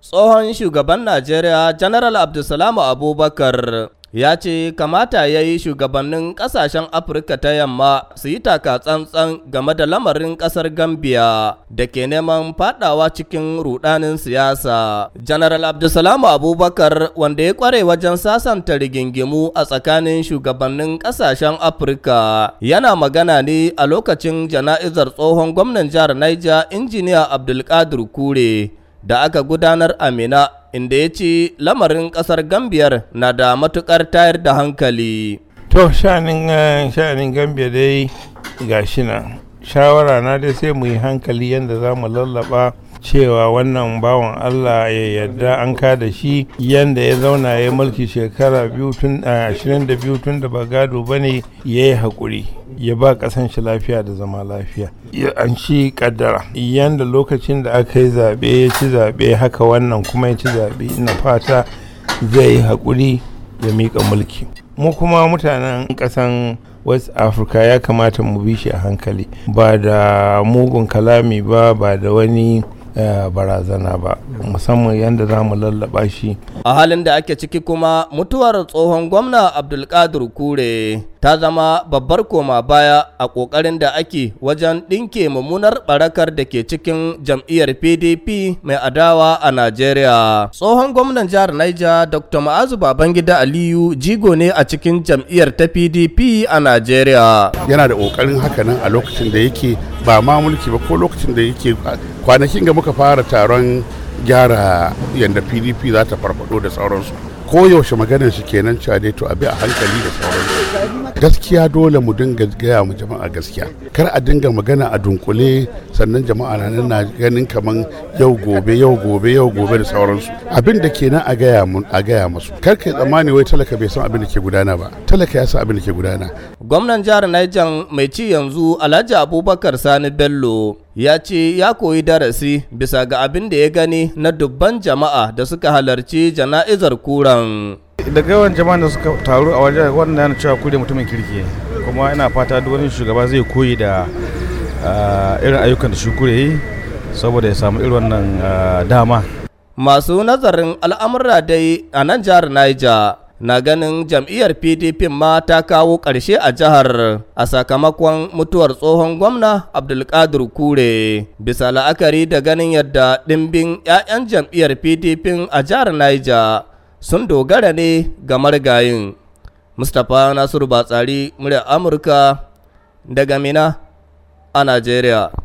tsohon shugaban najeriya General abdulsalamu abubakar ya ce kamata ya yi shugabannin kasashen afirka ta yamma su yi taka tsantsan game da lamarin ƙasar gambia da ke neman fadawa cikin rudanin siyasa general abdulsalamu abubakar wanda ya kware wajen sasanta rigingimu a tsakanin shugabannin ƙasashen afirka yana magana ne a lokacin jana'izar tsohon gwamnan jihar niger injiniya abdulkadir kure da aka gudanar a Mina inda ya ce lamarin ƙasar Gambiyar na da matuƙar tayar da hankali. To, sha'anin eh, Gambiya dai ga shi nan, shawara na dai sai mu yi hankali yadda za mu lallaba cewa wannan bawan Allah ya yarda an da shi yanda ya zauna ya mulki shekara ashirin da biyu tun da ba gado ba ne ya yi haƙuri ya ba ƙasan shi lafiya da zama lafiya an ci kaddara yanda lokacin da aka yi zaɓe ya ci zaɓe haka wannan kuma ya ci zaɓe na fata zai yi haƙuri ya miƙa mulki mu kuma mutanen ƙasan west africa ya kamata mu bi shi a hankali ba da mugun kalami ba ba da wani barazana ba musamman yadda za mu lallaba shi a halin da ake ciki kuma mutuwar tsohon gwamna abdulkadir kure ta zama babbar koma baya a ƙoƙarin da ake wajen ɗinke mummunar barakar da ke cikin jam'iyyar pdp mai adawa a najeriya tsohon gwamnan jihar niger dr ma'azu babangida aliyu jigo ne a cikin jam'iyyar ta pdp a najeriya yana da ƙoƙarin hakanan a lokacin da yake ba ma mulki ba ko lokacin da yake kwanakin ga muka fara taron gyara yadda pdp za ta farfado da sauransu koyaushe maganar shi kenan cewa dai to abi a hankali da sauran gaskiya dole mu dinga gaya mu jama'a gaskiya kar a dinga magana a dunkule sannan jama'a na nan na ganin kaman yau gobe yau gobe yau gobe da sauransu abin da kenan a gaya mu a gaya musu kar kai tsammani wai talaka bai san abin da ke gudana ba talaka ya san abin da ke gudana gwamnan jihar Niger mai ci yanzu Alhaji Abubakar Sani Bello ya ce ya koyi darasi bisa ga abin da ya gani na dubban jama'a da suka halarci jana'izar kuran. daga yawan jama'a da suka taru a wajen wannan yana cewa kure mutumin kirki kuma ina fata duk wani shugaba zai koyi da ah, irin ayyukan da shi kure yi saboda ya samu irin wannan ah, dama masu nazarin al'amura dai a nan jihar niger na ganin jam'iyyar PDP ma ta kawo ƙarshe a jihar a sakamakon mutuwar tsohon gwamna Abdulkadir Kure bisa la'akari da ganin yadda ɗimbin 'ya'yan jam'iyyar PDP a jihar Niger sun dogara ne ga marigayin. Mustapha Nasiru Batsari, murya Amurka daga Mina a Najeriya.